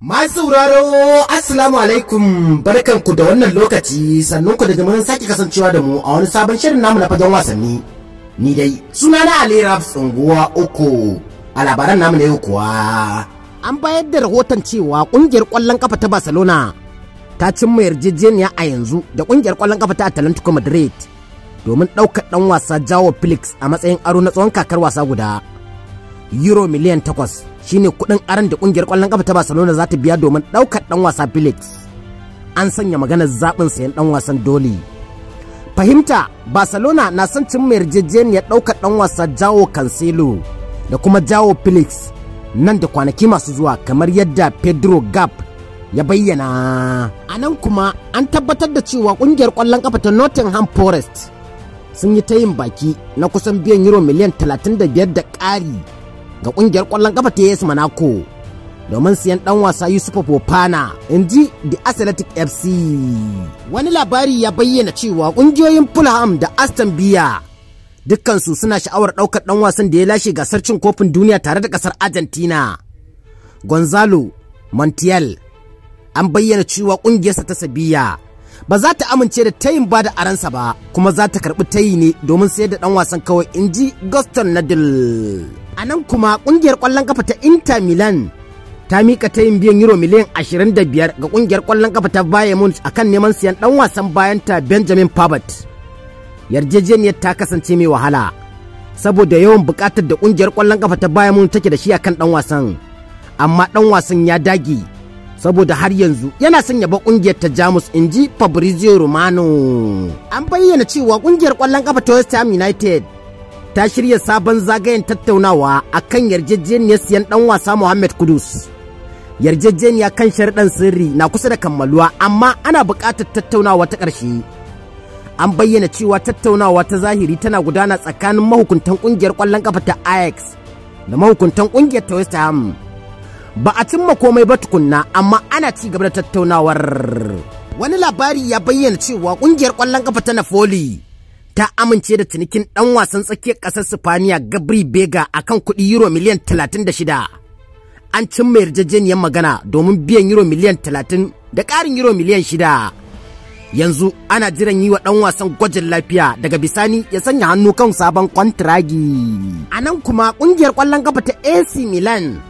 Masu sauraro Assalamu alaikum barkanku da wannan lokaci sannan ku da jimirin sake kasancewa da mu a wani sabon shirin namu na fagen wasanni. Ni dai suna na Ali Raps unguwa uku a labaran namu na yau kuwa. An bayar da rahoton cewa ƙungiyar ƙwallon kafa ta Barcelona ta cimma yarjejeniya a yanzu da ƙungiyar kwallon kafa ta Atlantico Madrid domin ɗaukar ɗan wasa Jawo Felix a matsayin aro na tsawon kakar wasa guda. Euro miliyan takwas shine kuɗin aron da ƙungiyar ƙwallon ƙafa ta Barcelona za ta biya domin ɗaukar ɗan wasa Felix. An sanya maganar zaɓin sayan ɗan wasan dole. Fahimta Barcelona na son cin mai yarjejeniyar ɗaukar ɗan wasa Jawo Cancelo da kuma Jawo Felix nan da kwanaki masu zuwa kamar yadda Pedro Gap ya bayyana. anan kuma an tabbatar da cewa ƙungiyar kwallon kafa ta Nottingham Forest sun yi ta yin baki na kusan biyan euro miliyan 35 da ƙari ga kungiyar kwallon kafa ta Yesu manako domin siyan dan wasa Yusuf Fofana inji ji The Athletic FC. Wani labari ya bayyana cewa kungiyoyin Fulham da Aston Villa dukkansu suna sha'awar ɗaukar ɗan wasan da ya lashe gasar cin kofin duniya tare da ƙasar Argentina. Gonzalo Montiel an bayyana cewa ƙungiyarsa ta Sabiya ba za ta amince da tayin ba da aransa ba kuma za ta karɓi tayi ne domin sayar da ɗan wasan kawai inji ji Gaston Nadal. a nan kuma kungiyar kwallon kafa ta inter milan ta mika ta yin biyan euro miliyan 25 ga kungiyar kwallon kafa ta Bayern Munich akan neman siyan dan wasan bayanta Benjamin Pavard. Yarjejeniyar ta kasance mai wahala saboda yawan bukatar da kungiyar kwallon kafa ta Bayern Munich take da shi akan dan wasan. Amma dan wasan ya dage saboda har yanzu yana son yaba kungiyar ta Jamus inji Fabrizio Romano. An bayyana cewa kungiyar kwallon kafa ta West Ham United ta shirya sabon zagayen tattaunawa a kan yarjejeniyar siyan ɗan wasa Mohammed Kudus. Yarjejeniya kan sharɗan sirri na kusa da kammaluwa amma ana buƙatar tattaunawa ta ƙarshe. An bayyana cewa tattaunawa ta zahiri tana gudana tsakanin mahukuntan ƙungiyar ƙwallon ƙafa ta Ajax da mahukuntan ƙungiyar ta West Ham. Ba a cimma komai ba tukunna amma ana ci gaba da tattaunawar. Wani labari ya bayyana cewa ƙungiyar ƙwallon ƙafa ta Napoli ta amince da cinikin ɗan wasan tsakiyar ƙasar Sifaniya Gabri Bega akan kuɗi Euro miliyan 36. An cin mai yarjejeniyar magana domin biyan Euro miliyan 30 da ƙarin Euro miliyan 6. Yanzu ana jiran yi wa ɗan wasan gwajin lafiya daga bisani ya sanya hannu kan sabon kwantiragi. A nan kuma ƙungiyar ƙwallon gaba ta AC Milan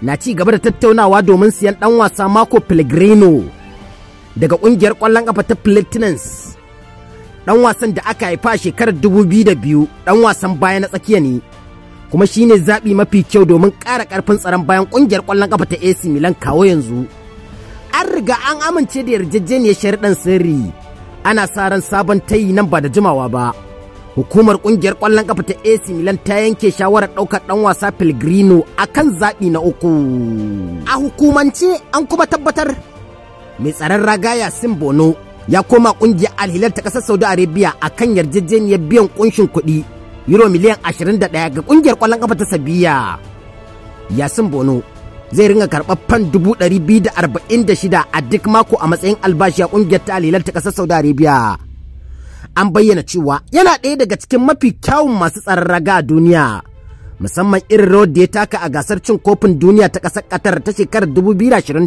na ci gaba da tattaunawa domin siyan ɗan wasa Marco Pellegrino daga ƙungiyar ƙwallon gaba ta Platinums. Ɗan wasan da aka haifa shekarar dubu biyu da biyu, dan wasan baya na tsakiya ne kuma shine zaɓi mafi kyau domin ƙara ƙarfin tsaron bayan ƙungiyar ƙwallon ƙafa ta AC Milan kawo yanzu an riga an amince da yarjejeniyar sharidan sirri ana sa ran sabon tayi nan ba da jimawa ba hukumar ƙungiyar ƙwallon ƙafa ta AC Milan ta yanke shawarar ɗaukar ɗan wasa Pellegrino akan zaɓi na uku a hukumance an kuma tabbatar mai tsaron ragaya Simbono ya koma kungiyar alhilar ta kasar saudi arabia a kan yarjejeniyar biyan kunshin kuɗi euro miliyan 21 ga kungiyar kwallon kafa ta sabiya yasin bono zai ringa karɓar fan 246 a duk mako a matsayin albashi a kungiyar ta alhilar ta kasar saudi arabia an bayyana cewa yana ɗaya daga cikin mafi kyawun masu tsararraga a duniya musamman irin rawar da ya taka a gasar cin kofin duniya ta ƙasar Qatar ta shekarar 2022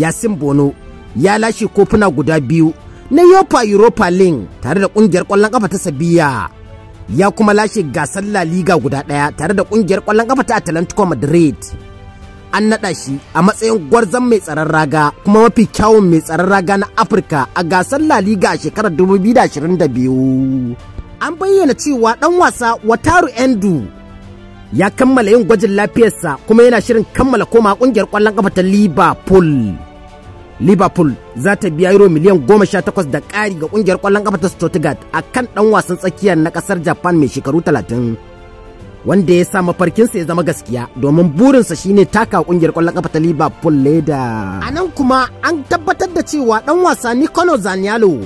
yasin bono ya lashe kofuna guda biyu na Yopa Europa link tare da kungiyar kwallon kafa ta Sabiya. Ya kuma lashe gasar La Liga guda ɗaya tare da kungiyar kwallon ƙafa ta Atlantico Madrid. An naɗa shi a matsayin gwarzon mai tsaron raga kuma mafi kyawun mai tsaron raga na Afirka a gasar La Liga a shekarar 2022. An bayyana cewa ɗan wasa Wataru Endu ya kammala yin gwajin lafiyarsa kuma yana shirin kammala koma kungiyar ƙwallon ƙafa ta Liverpool. liverpool za ta biya euro miliyan goma sha takwas da ƙari ga ƙungiyar ƙwallon ƙafa ta stuttgart a kan ɗan wasan tsakiya na ƙasar japan mai shekaru talatin wanda ya sa mafarkinsa ya zama gaskiya domin burinsa shine taka ƙungiyar ƙwallon ƙafa ta liverpool leda a nan kuma an tabbatar da cewa ɗan wasa nicola Zaniyalo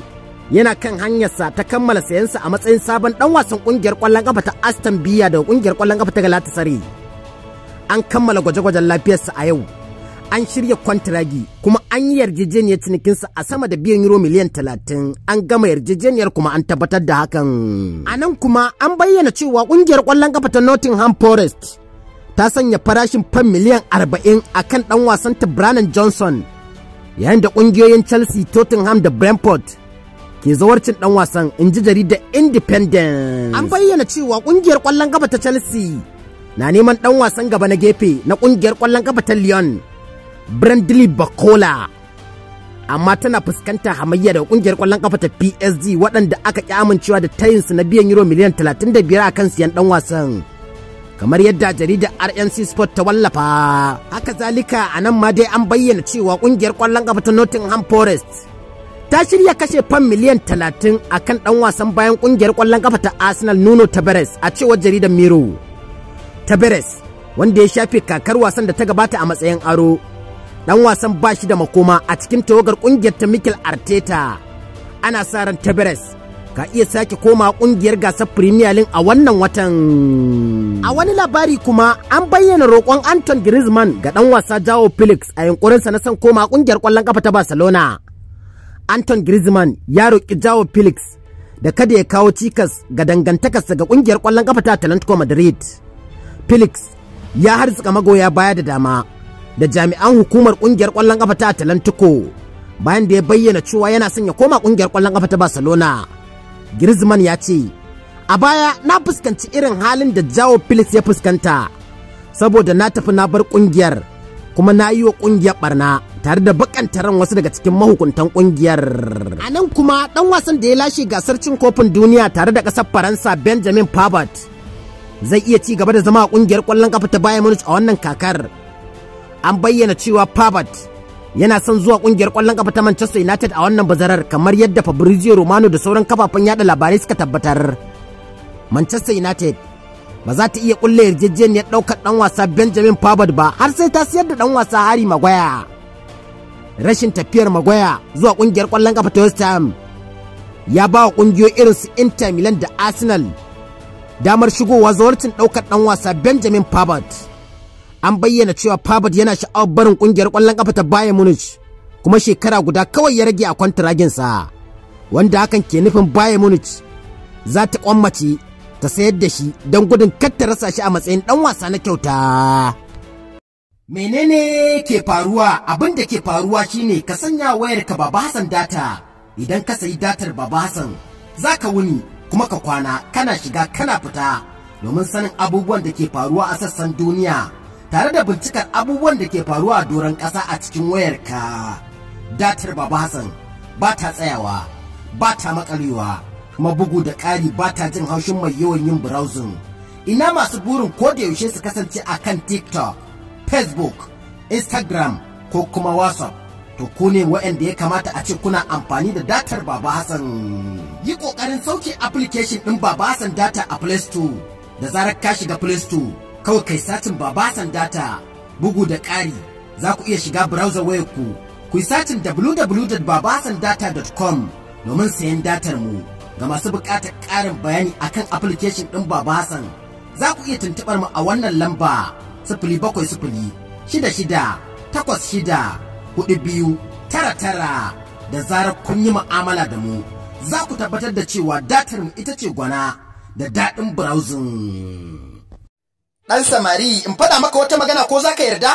yana kan hanyarsa ta kammala sayansa a matsayin sabon ɗan wasan ƙungiyar ƙwallon ƙafa ta aston villa da ƙungiyar ƙwallon ƙafa ta galatasaray an kammala gwaje-gwajen lafiyarsa a yau an shirya kwantiragi kuma an yi yarjejeniyar cinikinsa a sama da biyan euro miliyan talatin an gama yarjejeniyar kuma an tabbatar da hakan. A nan kuma an bayyana cewa ƙungiyar kwallon kafa ta Nottingham Forest ta sanya farashin fan miliyan arba'in a kan ɗan wasan ta Johnson yayin da ƙungiyoyin Chelsea, Tottenham da Brentford ke zawarcin ɗan wasan in ji jaridar independent An bayyana cewa ƙungiyar kwallon kafa ta Chelsea na neman ɗan wasan gaba na gefe na ƙungiyar kwallon kafa ta Lyon. Brandley bacola amma tana fuskantar hamayya da kungiyar kwallon kafa ta PSG waɗanda aka ki amincewa da tayinsu na biyan euro miliyan 35 a kan siyan ɗan wasan kamar yadda jaridar RNC Sport ta wallafa haka zalika a nan ma dai an bayyana cewa kungiyar kwallon kafa ta Nottingham Forest ta shirya kashe fam miliyan 30 akan ɗan wasan bayan kungiyar kwallon kafa ta Arsenal Nuno Tavares a cewar jaridar Miro Tavares wanda ya shafe kakar wasan da ta gabata a matsayin aro dan wasan ba shi da makoma a cikin tawagar kungiyar ta Mikel Arteta. Ana sa ran Tabares ka iya sake koma kungiyar gasar Premier League a wannan watan. A wani labari kuma an bayyana roƙon Anton Griezmann ga dan wasa Joao Felix a sa na san koma kungiyar ƙwallon kafa ta Barcelona. Anton Griezmann ya roƙi Joao Felix da kada ya kawo cikas ga dangantakarsa ga kungiyar ƙwallon kafa ta Atletico Madrid. Felix ya harzuka magoya baya da dama da jami'an hukumar kungiyar kwallon kafa ta Atlantico bayan da ya bayyana cewa yana son ya koma kungiyar kwallon kafa ta Barcelona. Griezmann ya ce, "A baya na fuskanci irin halin da Jao Felix ya fuskanta saboda na tafi na bar kungiyar kuma na yi wa kungiyar barna tare da bakanta ran wasu daga cikin mahukuntan kungiyar." A nan kuma dan wasan da ya lashe gasar cin kofin duniya tare da ƙasar Faransa Benjamin Pavard zai iya ci gaba da zama a kungiyar kwallon kafa ta Bayern Munich a wannan kakar. an bayyana cewa Pavard yana son zuwa kungiyar kwallon kafa ta Manchester United a wannan bazarar kamar yadda Fabrizio Romano da sauran kafafen yada labarai suka tabbatar. Manchester United ba za ta iya kulle yarjejeniyar ɗaukar ɗan wasa Benjamin Pavard ba har sai ta siyar da dan wasa Harry Maguire. Rashin tafiyar Maguire zuwa kungiyar kwallon kafa ta West Ham ya ba wa kungiyoyi irin su Inter Milan da Arsenal damar shigowa zawarcin ɗaukar ɗan wasa Benjamin Pavard. an bayyana cewa Pabat yana sha'awar barin kungiyar ƙwallon kafa ta Bayern Munich kuma shekara guda kawai ya rage a sa wanda hakan ke nufin Bayern Munich za ta kwammace ta sayar da shi don gudun kar rasa shi a matsayin ɗan wasa na kyauta. Menene ke faruwa abin da ke faruwa shine ka sanya wayar ka Baba Hassan data idan ka sayi datar Baba Hassan zaka wuni kuma ka kwana kana shiga kana fita domin sanin abubuwan da ke faruwa a sassan duniya. tare da bincikar abubuwan da ke faruwa a doron ƙasa a cikin wayarka. Datar Baba Hassan ba ta tsayawa, ba ta makalewa, mabugu da ƙari ba ta jin haushin mai yawan yin browsing. Ina masu burin ko da yaushe su kasance a kan TikTok, Facebook, Instagram ko kuma WhatsApp. To ku ne waɗanda ya kamata a ce kuna amfani da datar Baba Hassan. Yi ƙoƙarin sauke application ɗin Baba Hassan data a Play Store da zarar ka shiga Play Store. kawai kai satin babasan data bugu da ƙari za ku iya shiga browser wayar ku ku yi satin www.babasandata.com domin sayan datar mu ga masu buƙatar ƙarin bayani akan application ɗin babasan za ku iya tuntuɓar mu a wannan lamba sifili bakwai shida shida tara tara da zarar kun yi mu'amala da mu za ku tabbatar da cewa datar mu ita ce gwana da daɗin browsing. ɗan samari in faɗa maka wata magana ko za ka yarda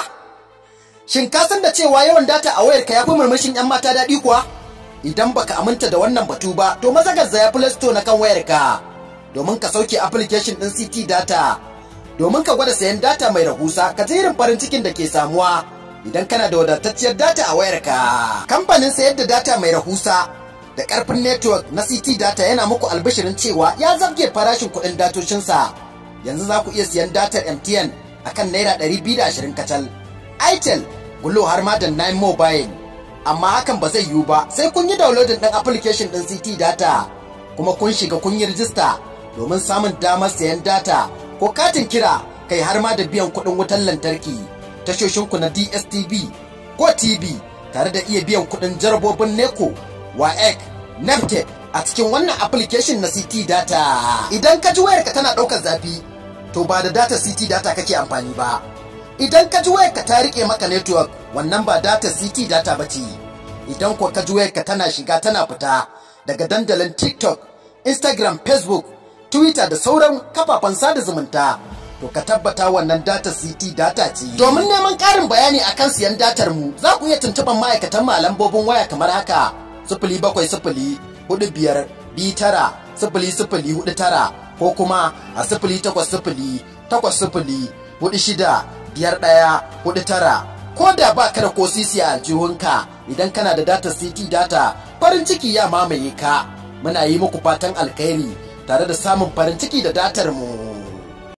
shin ka san da cewa yawan data a wayarka ya fi murmushin 'yan mata daɗi kuwa idan baka aminta da wannan batu ba to maza ya play store na kan wayarka domin ka sauke application ɗin ct data domin ka gwada sayan data mai rahusa ka ji irin farin cikin da ke samuwa idan kana da wadatacciyar data a wayarka kamfanin sayar da data mai rahusa da ƙarfin network na ct data yana muku albishirin cewa ya zabge farashin kuɗin datocinsa yanzu za ku iya siyan datar MTN a kan Naira 220 kacal. Itel, Gulo har ma da Nine Mobile. Amma hakan ba zai yiwu ba sai kun yi downloading ɗin application ɗin CT data kuma kun shiga kun yi rijista domin samun damar siyan data ko katin kira kai har ma da biyan kuɗin wutar lantarki tashoshinku na DSTV ko TV tare da iya biyan kuɗin jarabobin NECO, WAEC, NAFTEC a cikin wannan application na CT data. Idan ka ji wayarka tana ɗaukar zafi, to ba da data CT data kake amfani ba. Idan ka ji wayarka ta rike maka network, wannan ba data CT data ba ce. Idan kuwa ka ji wayarka tana shiga tana fita daga dandalin TikTok, Instagram, Facebook, Twitter da sauran kafafen sada zumunta. To ka tabbata wannan data CT data ce. Domin neman ƙarin bayani akan siyan datar mu, za ku iya tuntuɓar ma'aikatan malambobin waya kamar haka. Sifili bakwai sifili hudu biyar bi tara sifili sifili hudu tara ko kuma a sifili takwas sifili takwas sifili hudu shida biyar ɗaya hudu tara ko da ba ka da ko sisi a aljihunka idan kana da data city data farin ciki ya mamaye ka muna yi muku fatan alkhairi tare da samun farin ciki da datar mu.